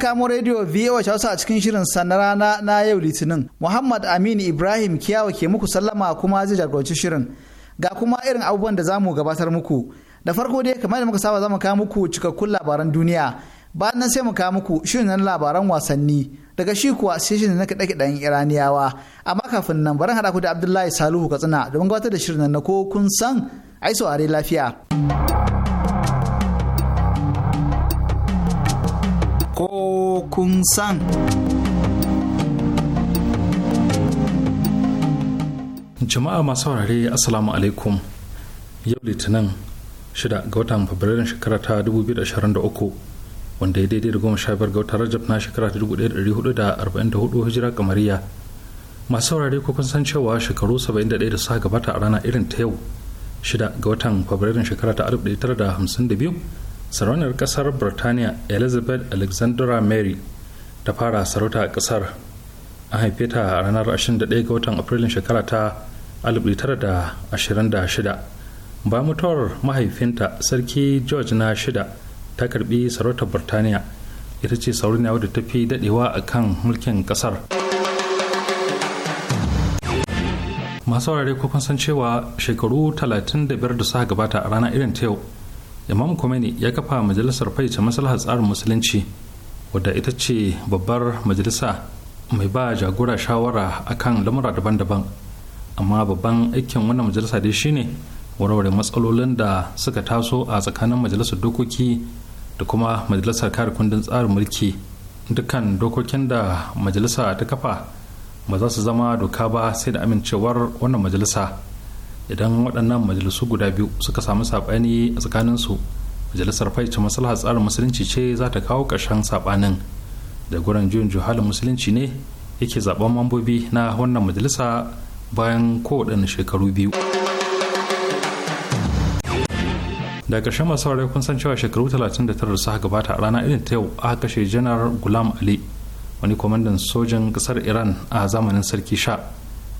kamo rediyo VOA Hausa a cikin shirin sana rana na yau Litinin. Muhammad Aminu Ibrahim Kiyawa ke muku sallama kuma zai jagoranci shirin. Ga kuma irin abubuwan da zamu gabatar muku. Da farko dai kamar da muka saba zamu kawo muku cikakkun labaran duniya. Bayan nan sai mu kawo muku shirin nan labaran wasanni. Daga shi kuwa sai shirin na kaɗe kiɗen Iraniyawa. Amma kafin nan bari haɗa ku da Abdullahi Salihu Katsina domin gabatar da shirin na ko kun san ai saurare lafiya. ko kun san. Jama'a masu saurare Assalamu alaikum yau litinin shida ga watan Fabrairun shekara ta 2023 wanda ya daidai da goma sha biyar ga watan Rajab na shekara ta 1444 hijira kamariya. Masu saurare ko kun san cewa shekaru 71 da sa gabata a rana irin ta yau shida ga watan Fabrairun shekara ta 1952 sarauniyar kasar birtaniya elizabeth alexandra mary ta fara sarauta a kasar an haife ta a ranar 21 ga watan afrilun shekara ta 1926 bayan mutuwar mahaifinta sarki george na shida ta karbi sarautar birtaniya ita ce sarauniya wadda ta fi dadewa a kan mulkin kasar masu wurare kun san cewa shekaru 35 da suka gabata a rana irin ta yau imam khomeini ya kafa majalisar faice maslahar tsarin musulunci wadda ita ce babbar majalisa mai ba jagora shawara a kan lamura daban-daban amma babban aikin wannan majalisa dai shine warware matsalolin da suka taso a tsakanin majalisar dokoki da kuma majalisar kare kundin tsarin mulki dukkan dokokin da majalisa ta kafa ba za su zama doka ba sai da amincewar wannan majalisa idan waɗannan majalisu guda biyu suka samu saɓani a su majalisar faice maslahar tsarin musulunci ce za ta kawo ƙarshen saɓanin da guran juyin juhalin musulunci ne yake zaben mambobi na wannan majalisa bayan kowaɗanne shekaru biyu da ƙarshen masu saurari kun san cewa shekaru 39 suka gabata a rana irin ta yau aka kashe janar gulam ali wani kwamandan sojan ƙasar iran a zamanin sarki sha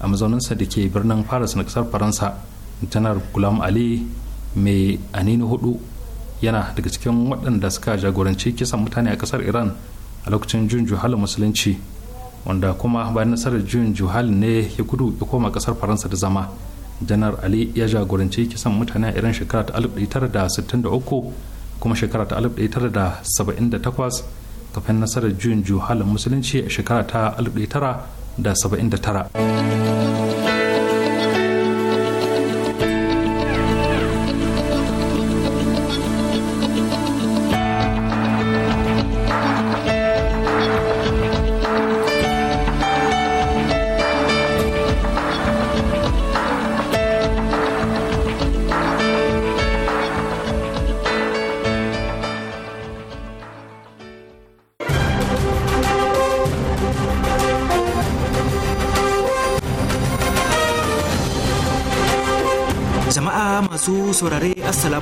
a mazauninsa da ke birnin faris na kasar faransa janar gulam ali mai anini hudu yana daga cikin waɗanda suka jagoranci kisan mutane a kasar iran a lokacin jun juhalin musulunci wanda kuma bayan nasarar jun juhalin ne ya gudu ya koma kasar faransa da zama janar ali ya jagoranci kisan mutane a iran shekara ta 1963 kuma shekara ta 1978 kafin nasarar juyin juhalin musulunci a shekara ta da 79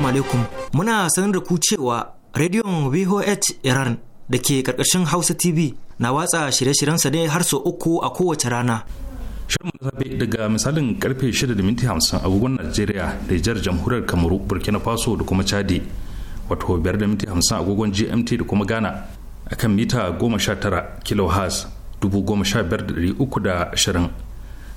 alaikum muna sanar da ku cewa rediyon VOH Iran da ke karkashin Hausa TV na watsa shirye-shiryensa ne har sau uku a kowace rana. Shirin safe daga misalin karfe 6:50 gugun Najeriya da jihar jamhuriyar Kamaru, Burkina Faso da kuma Chadi, wato 5:50 gugun GMT da kuma Ghana akan mita 19 kHz 15320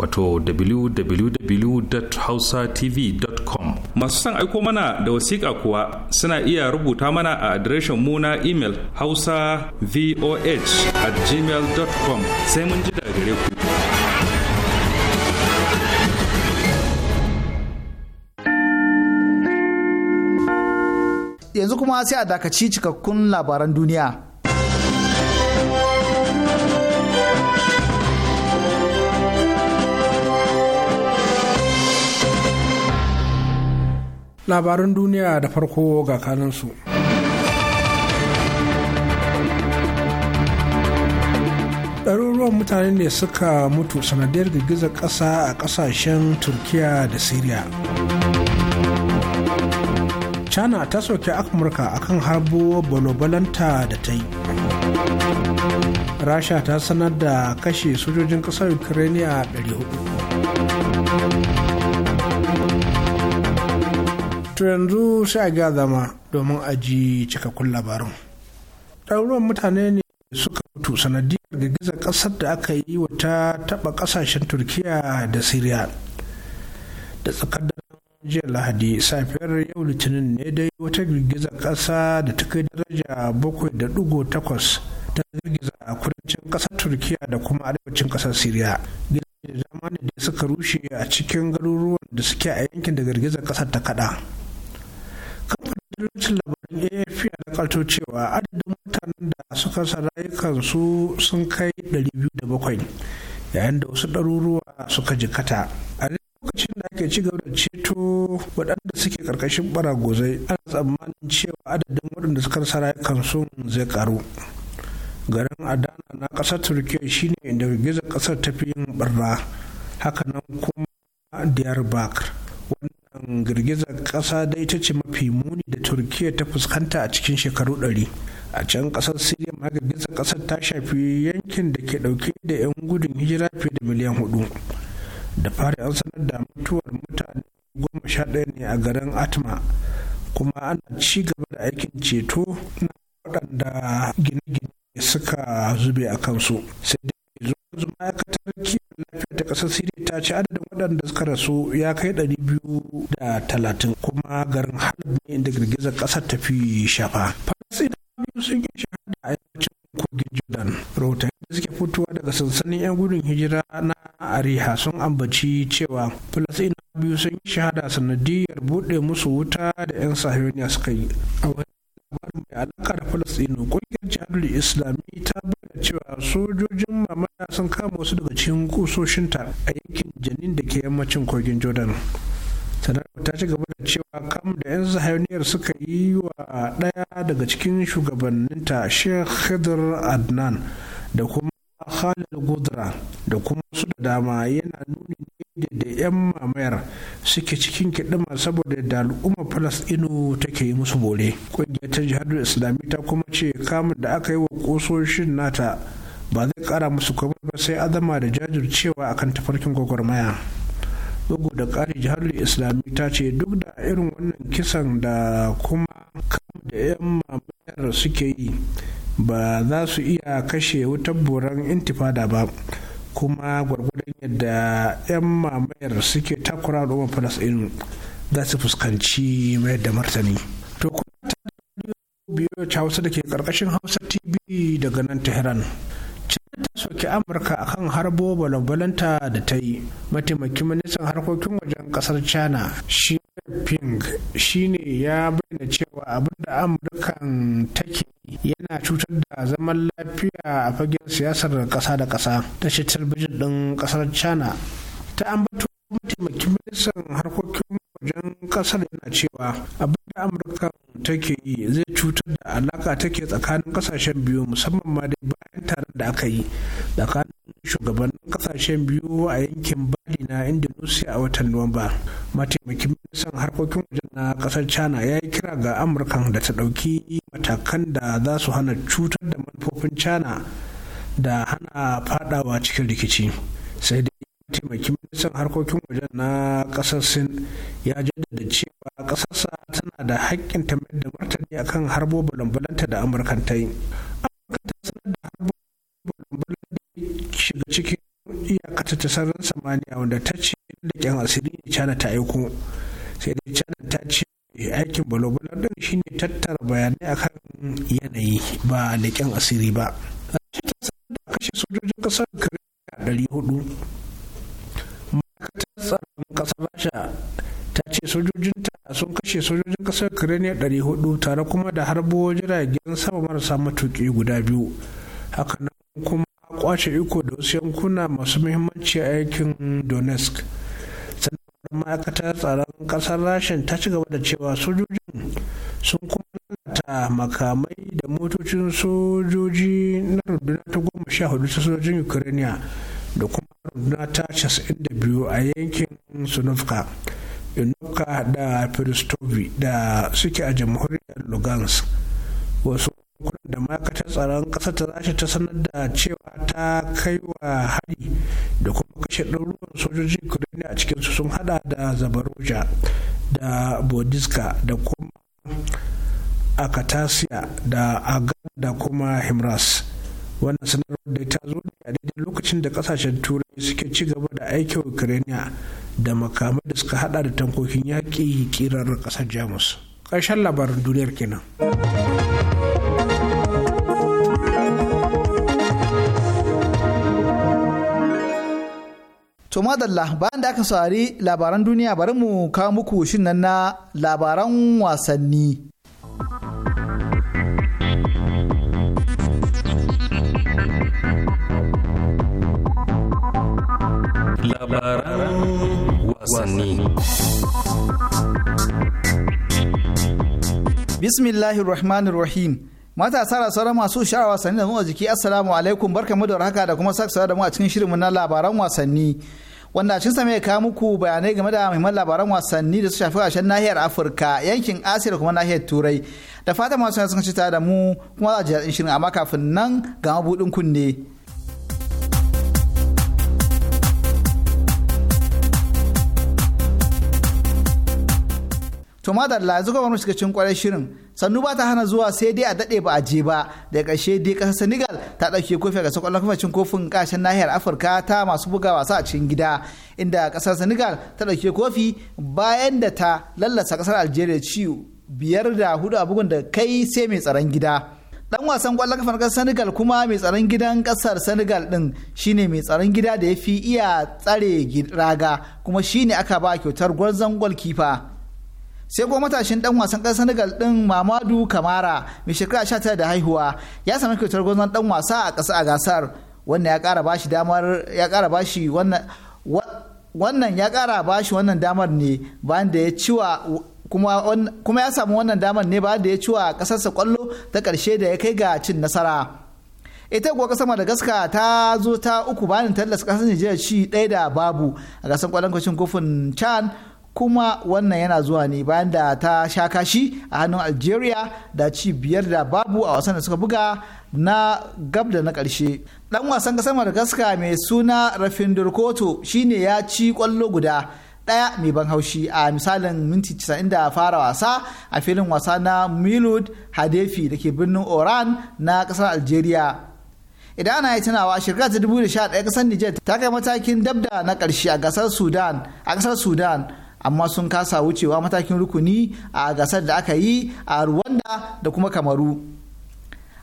wato www.hausatv.com masu son aiko mana da wasiƙa kuwa suna iya rubuta mana a adireshin mu na imel hausa voh at gmail.com sai mun ji daga gare ku yanzu kuma sai a dakaci cikakkun labaran duniya labaran duniya da farko ga kanansu. ɗaruruwan mutane ne suka mutu sanadiyar girgizar ƙasa a ƙasashen turkiya da syria china ta soke amurka akan harbo balobalanta da ta yi rasha ta sanar da kashe sojojin ƙasar ukraine 400 to yanzu sai a ga zama domin a ji cikakkun labarin ɗaruruwan mutane ne suka mutu sanadiyar girgizar ƙasar da aka yi wa ta taɓa ƙasashen turkiya da siriya da tsakar jiya lahadi safiyar yau litinin ne dai wata girgizar ƙasa da ta kai daraja 7.8 ta girgiza a kudancin ƙasar turkiya da kuma arewacin ƙasar siriya gidaje da dama ne da suka rushe a cikin garuruwan da suke a yankin da girgizar ƙasar ta kada labaran labarin afp ya nakalto cewa adadin mutanen da suka kansu sun kai 207 yayin da wasu ɗaruruwa suka jikata a lokacin da ake ci gaba da ceto waɗanda suke ƙarƙashin baragozai ana tsammanin cewa adadin waɗanda suka kansu zai ƙaru garin adana na ƙasar turkiyya shine inda girgizar ƙasar tafi fi yin barna hakanan kuma bakar girgizar ƙasa dai ita ce mafi muni da turkiyya ta fuskanta a cikin shekaru ɗari a can ƙasar siriya ma girgizar ƙasar ta shafi yankin da ke ɗauke da 'yan gudun hijira fiye da miliyan hudu da fari an sanar da mutuwar mutane goma sha ɗaya ne a garin atma kuma ana ci gaba da aikin ceto na waɗanda gine-gine suka zube a kansu sai dai zuwa ma'aikatar kiwon lafiya ta ƙasar siriya ta ci adadin waɗanda suka rasu ya kai ɗari biyu da talatin kuma garin halab ne inda girgizar ƙasar ta fi shafa falasina biyu sun yi shahada a yammacin kogin jordan rahoton da suke fitowa daga sansanin 'yan gudun hijira na ariha sun ambaci cewa falasina biyu sun yi shahada sanadiyar buɗe musu wuta da 'yan sahiyoniya suka yi a wani labarin mai alaka da falastinu kungiyar jihadul islami ta bayyana cewa sojojin mamaya sun kama wasu daga cikin kusoshinta a yankin janin da ke yammacin kogin jordan sanarwa ta ci gaba da cewa kam da 'yan zahayaniyar suka yi wa ɗaya daga cikin shugabanninta sheikh khidr adnan da kuma khalil gudra da kuma su da dama yana nuni da 'yan mamayar suke cikin kiɗima saboda da al'ummar falasɗinu take yi musu bore ƙungiyar ta jihar islami ta kuma ce kamun da aka yi wa ƙososhin nata ba zai ƙara musu komai ba sai azama da jajircewa akan tafarkin gwagwarmaya bugu da ƙari jihar islami ta ce duk da irin wannan kisan da kuma kamun da 'yan mamayar suke yi ba za su iya kashe wutar boran intifada ba kuma gwargwadon yadda 'yan mamayar suke takura al'ummar falasɗinu za su fuskanci mai da martani to kuma ta biyo hausa da ke karkashin hausa tv daga nan tehran china ta soke amurka akan harbo balabalanta da ta yi mataimakin ministan harkokin wajen kasar china shi ping shine ya bayyana cewa abin da amurkan take yana cutar da zaman lafiya a fagen siyasar ƙasa da ƙasa shi talbijin ɗin ƙasar china ta ambato mataimakin ministan harkokin wajen kasar yana cewa abin da amurka take yi zai cutar da alaka take tsakanin kasashen biyu musamman ma dai bayan taron da aka yi tsakanin shugabannin kasashen biyu a yankin bali na indonesia a watan nuwamba mataimakin ministan harkokin wajen na kasar china ya yi kira ga amurka da ta ɗauki matakan da za su hana cutar da manufofin china da hana fadawa cikin rikici sai mataimakin ministan harkokin wajen na kasar sin ya jaddada cewa kasarsa tana da haƙƙin ta da martani akan harbo balambalanta da amurka ta yi amurka ta sanar da harbo balambalanta shiga cikin iyakata ta sararin samaniya wanda ta ce da kyan asiri ne cana ta aiko sai dai cana ta ce aikin balobalar din shine tattara bayanai akan yanayi ba leƙen asiri ba. ta sanar da kashe sojojin ƙasar Koriya 400 tsaron kasar rasha ta ce sojojinta sun kashe sojojin kasar ukraine 400 tare kuma da harbo jiragen sama marasa matuki guda biyu hakanan kuma kwace iko da wasu yankuna masu muhimmanci a yankin donetsk sannan ma'aikatar tsaron kasar rashin ta ci gaba da cewa sojojin sun kuma lalata makamai da motocin sojoji na rundunar ta goma sha hudu ta sojojin ukraine da kuma runduna ta biyu a yankin sunufka inuka da firistovi da suke a jamhuriyar lugans wasu yankunan da ma'aikatar tsaron ƙasa ta zashi ta sanar da cewa ta kai wa hari da kuma kashe ɗaruruwan sojojin ukraine a cikinsu sun hada da zabaroja da bodiska da kuma akatasiya da agan da kuma himras wannan sanarwar da ta zo da a daidai lokacin da kasashen turai suke ci gaba da aikin ukraine da makamai da suka hada da tankokin yaƙi kirar ƙasar jamus ƙarshen labarin duniyar kenan to madalla bayan da aka saurari labaran duniya bari mu kawo muku shin nan na labaran wasanni labaran wasanni bismillahir rahmanir rahim matasa da sauran masu sha'ar wasanni da motsa jiki assalamu alaikum barkamu da haka da kuma saksawa da mu a cikin shirinmu na labaran wasanni wanda cin sa mai kawo muku bayanai game da muhimman labaran wasanni da su shafi ƙarshen nahiyar afirka yankin asiya da kuma nahiyar turai da fatan masu sun ci da mu kuma za a ji shirin amma kafin nan ga mabuɗin kunne. to ma da yanzu ga shiga cikin kwarar shirin sannu ba ta hana zuwa sai dai a dade ba a je ba daga karshe dai kasar senegal ta ɗauke kofi ga sakwallon kafacin kofin kashin nahiyar afirka ta masu buga wasa a cikin gida inda kasar senegal ta ɗauke kofi bayan da ta lallasa kasar algeria ci biyar da hudu a bugun da kai sai mai tsaron gida dan wasan kwallon kafar kasar senegal kuma mai tsaron gidan kasar senegal din shine mai tsaron gida da ya fi iya tsare raga kuma shine aka ba kyautar gwarzon gwalkifa sai kuma matashin dan wasan kasar Senegal din Mamadu Kamara mai shekara 19 da haihuwa ya sami kyautar gwazon dan wasa a kasar a gasar wannan ya kara bashi damar ya kara bashi wannan wannan ya kara bashi wannan damar ne bayan da ya ciwa kuma kuma ya samu wannan damar ne bayan da ya ciwa kasarsa kwallo ta karshe da ya kai ga cin nasara ita kuwa kasar madagascar ta zo ta uku bayan tallas kasar nigeria ci ɗaya da babu a gasar kwallon kwacin kofin chan kuma wannan yana zuwa ne bayan da ta sha kashi a hannun algeria da ci biyar da babu a wasan da suka buga na gab da na karshe. dan wasan kasar madagascar mai suna rafin durkoto shine ya ci kwallo guda ɗaya mai ban haushi a misalin minti 90 da fara wasa a filin wasa na milud hadefi da ke birnin oran na ƙasar algeria idan ana yi tunawa shirka ta 2011 kasar Nijar ta kai matakin dabda na karshe a kasar a ƙasar Sudan amma sun kasa wucewa matakin rukuni a gasar da aka yi a Rwanda da kuma Kamaru.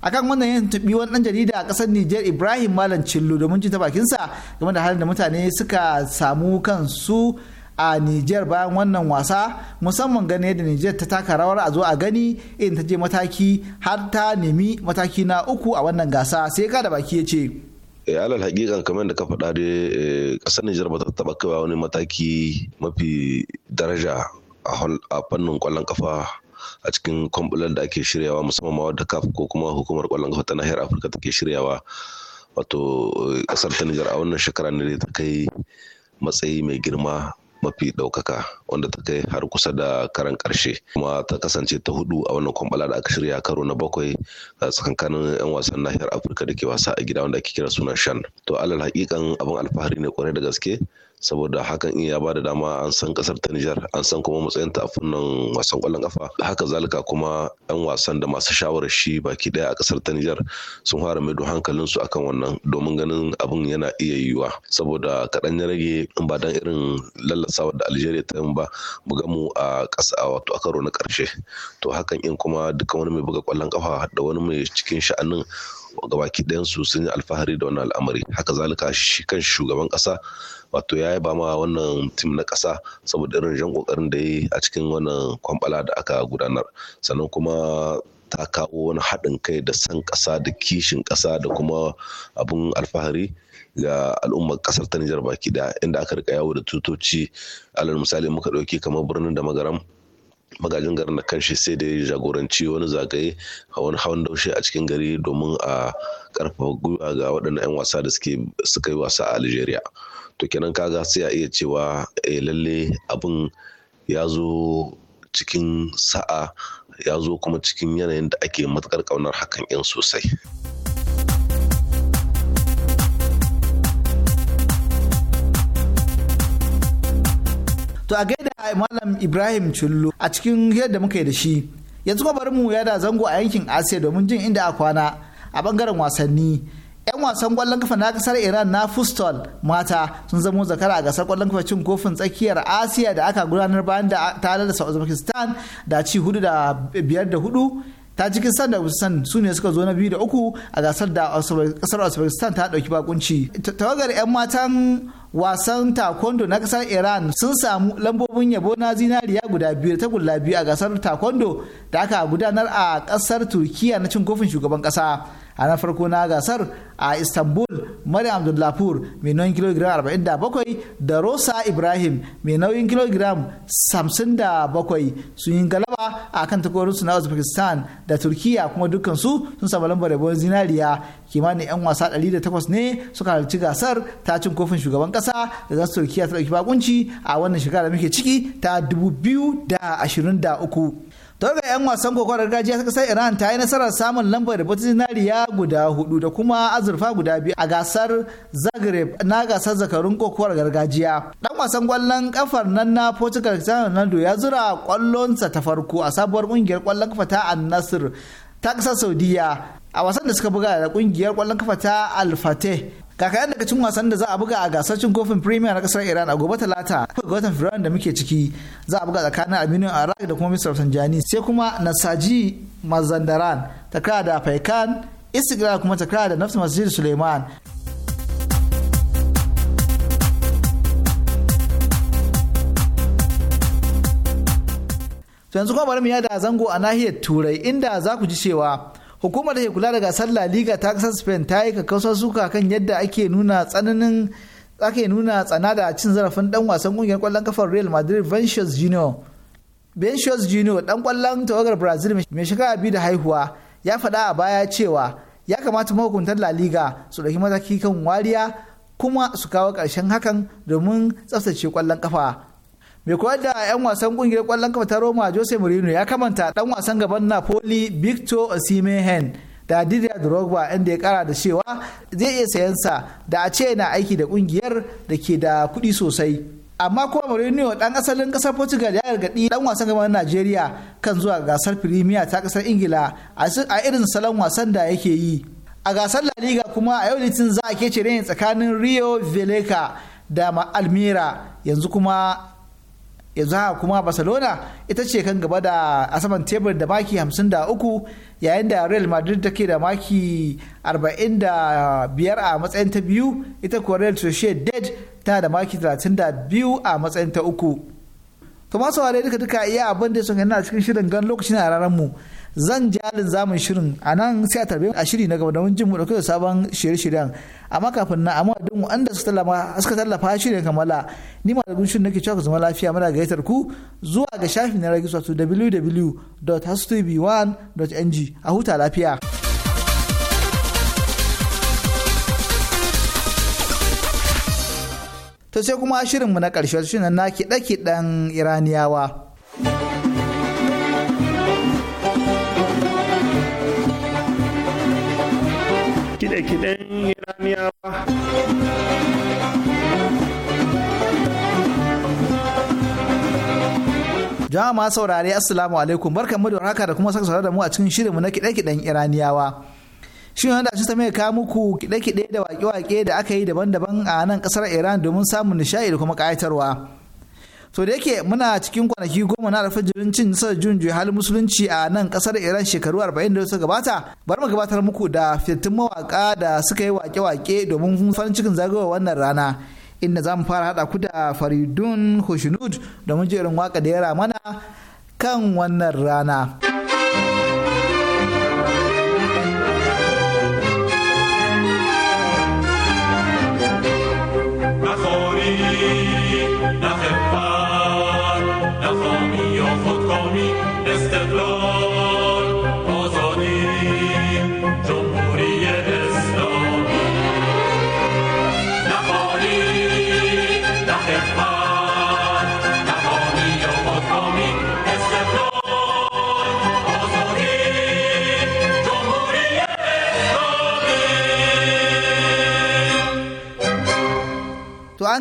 akan wannan yin tubi wani ɗan jarida a ƙasar Nijar Ibrahim Malam Cillo domin ji ta bakinsa game da halin da mutane suka samu kansu a Nijar bayan wannan wasa musamman gane da Nijar ta taka rawar a zo a gani in ta je mataki har ta nemi mataki na uku a wannan gasa sai ka da baki ya ce ya eh, alal hakikan kamar da ka faɗa dai eh, ƙasar Nijar ba ta taɓa kaiwa wani mataki mafi daraja a fannin ƙwallon kafa a cikin kwambulan da ake shiryawa musamman ma wadda kaf ko kuma hukumar ƙwallon kafa ta nahiyar Afirka take shiryawa wato eh, ƙasar ta Nijar a wannan shekara ne da ta kai matsayi mai girma mafi ɗaukaka wanda ta kai har kusa da karan ƙarshe kuma ta kasance ta hudu a wannan kwambala da aka shirya karo na bakwai a tsakankanin 'yan wasan nahiyar afirka da ke wasa a gida wanda ake kira sunan shan to alal hakikan abin alfahari ne kwarai da gaske saboda hakan iya ba da dama an san kasar ta Nijar an san kuma matsayinta a fannin wasan kwallon kafa haka zalika kuma yan wasan da masu shawarar shi baki ɗaya a kasar ta Nijar sun fara maido hankalin su akan wannan domin ganin abin yana iya yiwa. saboda kaɗan ya rage in ba dan irin lallasawa da Algeria ta yin ba mu ga mu a ƙasa wato a karo na ƙarshe to hakan in kuma duka wani mai buga kwallon kafa da wani mai cikin sha'anin gabaki su sun yi alfahari da wannan al'amari haka zalika shi kan shugaban ƙasa wato ya ba ma wannan tim na ƙasa saboda irin jan ƙoƙarin da ya yi a cikin wannan kwambala da aka gudanar sannan kuma ta kawo wani haɗin kai da san ƙasa da kishin ƙasa da kuma abun alfahari ga al'ummar ƙasar ta Nijar baki ɗaya inda aka rika yawo da tutoci alal misali muka ɗauki kamar birnin da magaram magajin garin da kanshi sai da ya jagoranci wani zagaye a wani hawan daushe a cikin gari domin a karfafa gwiwa ga waɗannan 'yan wasa da suka yi wasa a algeria to kenan kaga sai a iya cewa eh, lalle abin ya zo cikin sa'a ya zo kuma cikin yanayin da ake matukar ƙaunar hakan 'yan sosai. to a gaida malam ibrahim cullu a cikin yadda muka yi da shi yanzu kuma bari mu yada zango a yankin asiya domin jin inda a kwana a bangaren wasanni yan wasan kwallon kafa na kasar iran na fustol mata sun zamo zakara a gasar kwallon kafa cin kofin tsakiyar asiya da aka gudanar bayan da ta da uzbekistan da ci hudu da biyar da hudu ta cikin san da uzbekistan su ne suka zo na biyu da uku a gasar da kasar uzbekistan ta dauki bakunci tawagar 'yan matan wasan taekwondo na kasar iran sun samu lambobin yabo na zinariya guda biyu da tagulla biyu a gasar taekwondo da aka gudanar a kasar turkiya na cin kofin shugaban kasa a na farko na gasar a istanbul maryam abdullapur mai nauyin kilogiram 47 da rosa ibrahim mai nauyin kilogiram 57 sun yi galaba a kan takwarorinsu na uzbekistan da turkiya kuma dukansu sun samu lambar yabon zinariya kimanin 'yan wasa 108 ne suka halarci gasar ta cin kofin shugaban kasa da za turkiya ta ɗauki bakunci a wannan shekara da muke ciki ta 2023 tawagar 'yan wasan kokawar gargajiya ta kasar iran ta yi nasarar samun lambar da zinariya guda hudu da kuma azurfa guda biyu a gasar zagreb na gasar zakarun kokawar gargajiya dan wasan kwallon kafar nan na portugal cristiano ronaldo ya zura kwallonsa ta farko a sabuwar kungiyar kwallon kafa ta al ta kasar saudiya a wasan da suka buga da kungiyar kwallon kafa ta al-fateh kakayan daga cikin wasan da za a buga a gasar cin kofin premier na kasar iran a gobe talata ga watan firan da muke ciki za a buga tsakanin aminu arak da kuma mr sanjani sai kuma nasaji mazandaran takara da faikan istiklal kuma takara da nafsu masjid suleiman yanzu kuma bari mu yada zango a nahiyar turai inda za ku ji cewa hukumar da ke kula da gasar la liga ta kasar spain ta yi kakkausar suka kan yadda ake nuna tsananin ake nuna tsana da cin zarafin dan wasan kungiyar kwallon kafar real madrid vinicius junior vinicius junior dan kwallon tawagar brazil mai shekara biyu da haihuwa ya faɗa a baya cewa ya kamata mahukuntar la liga su ɗauki mataki kan wariya kuma su kawo ƙarshen hakan domin tsaftace kwallon kafa mai koyar da 'yan wasan kungiyar kwallon kafa ta roma jose mourinho ya kamanta dan wasan gaban napoli victor osimhen da didier drogba inda ya kara da cewa zai iya sayan sa da a ce na aiki da kungiyar da ke da kuɗi sosai amma kuma mourinho dan asalin kasar portugal ya gargaɗi dan wasan gaban najeriya kan zuwa gasar premier ta kasar ingila a irin salon wasan da yake yi a gasar la liga kuma a yau litin za a kece ne tsakanin rio veleka da almira yanzu kuma yanzu haka kuma barcelona ita ce kan gaba da a saman tebur da maki 53 yayin da real madrid take da maki 45 a matsayin ta biyu ita kuwa real sociedad ta da maki 32 a matsayin ta uku to wale duka duka iya abin da sun yana cikin shirin gan lokacin a ranar mu zan halin zamun shirin a nan sai a tarbe a shiri na gaba da jin mu da sabon shirye-shiryen amma kafin na amma duk wanda suka tallafa suka tallafa shirin kamala ni ma da gunshin nake cewa ku zama lafiya muna gayyatar ku zuwa ga shafin na ragi wato www.hastv1.ng a huta lafiya. To sai kuma shirinmu na ƙarshe shirin na ɗaki ɗan Iraniyawa. jama'a ma saurare assalamu alaikum barkan mu da haka da kuma saka saurari da mu a cikin shirinmu na kiɗe-kiɗen iraniyawa shin wanda shi mai kawo muku kiɗe-kiɗe da waƙe-waƙe da aka yi daban-daban a nan ƙasar iran domin samun nishaɗi da kuma ƙayatarwa so da yake muna cikin kwanaki goma na alfajirin cin nasarar junjuyi halin musulunci a nan kasar iran shekaru arba'in da suka gabata bari mu gabatar muku da fitattun mawaƙa da suka yi wake-wake domin farin cikin zagayowar wannan rana inda za mu fara hada ku da faridun hushinud domin jerin waka da yara mana kan wannan rana.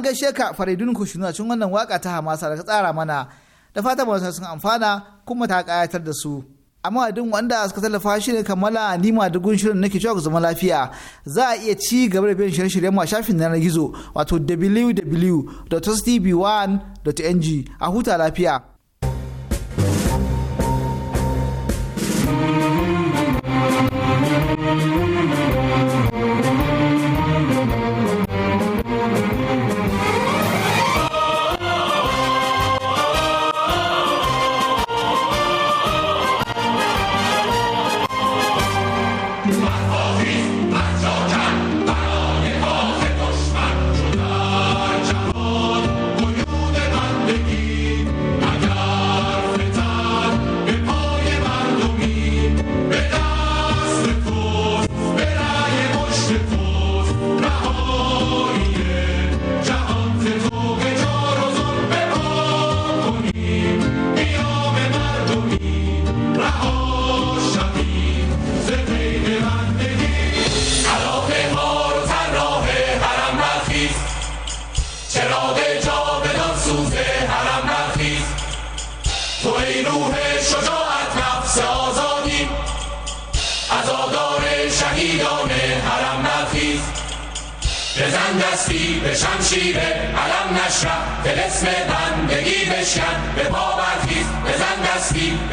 gaishe ka faridun kushinu a cikin wannan waka ta hamasa da ka tsara mana da fata masu sun amfana kuma ta kayatar da su amma duk wanda suka tallafa shi ne kammala nima da gunshirin nake cewa zama lafiya za a iya ci gaba da bin shirye-shiryen ma shafin yanar gizo wato wwwtstb 1ng a huta lafiya.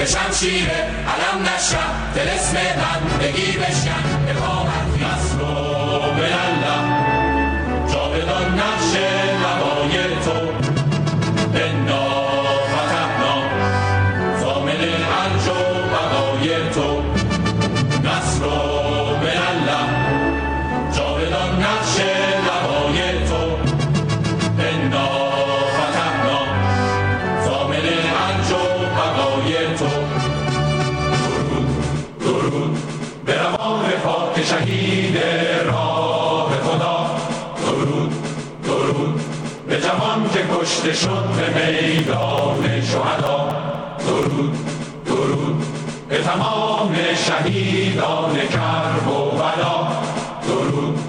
به شمشیر علم نشم تلسم من بگی بشکن اقامت مظلوم کشته شد به میدان شهدا درود درود به تمام شهیدان کرب و بلا درود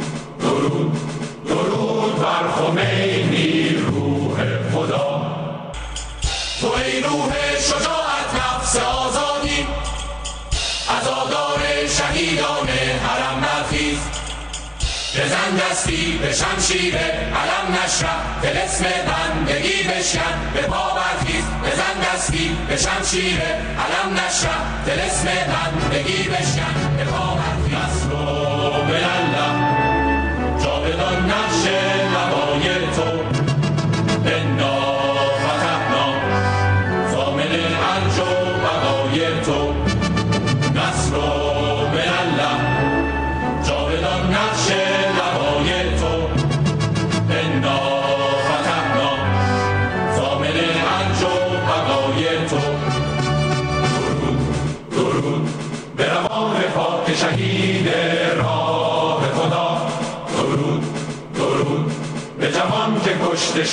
درود درود بر خمینی روح خدا تو ای روح شجاعت نفس آزادی آدار شهیدان حرم بزن دستی به شمشیر علم نشرب اسم بندگی بشکن به پا برخیز بزن دستی به شمشیر علم اسم من بندگی بشکن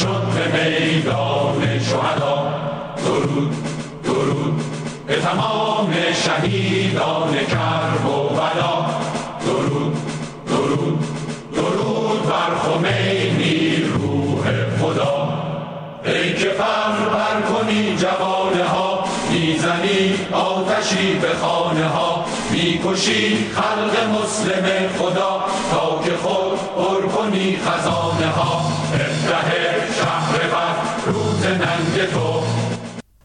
شد به میدان شهدا درود درود به تمام شهیدان کرب و بلا درود درود درود بر خمینی روح خدا ای که فر بر کنی جوانه ها میزنی آتشی به خانه ها میکشی خلق مسلم خدا تا که خود پر کنی خزانه ها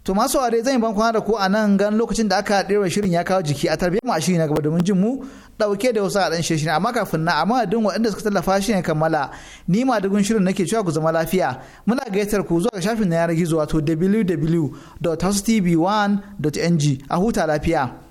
To masu ware zan yi ban kwana da ku a nan gan lokacin da aka ɗewa shirin ya kawo jiki a tarbiyyar a shirin na gaba domin jin mu ɗauke da wasu a ɗan shirin amma kafin na amma duk waɗanda suka tallafa shi ne kammala ni ma dugun shirin nake cewa ku zama lafiya muna gayyatar ku zuwa ga shafin na yanar gizo wato www.housetv1.ng a huta lafiya.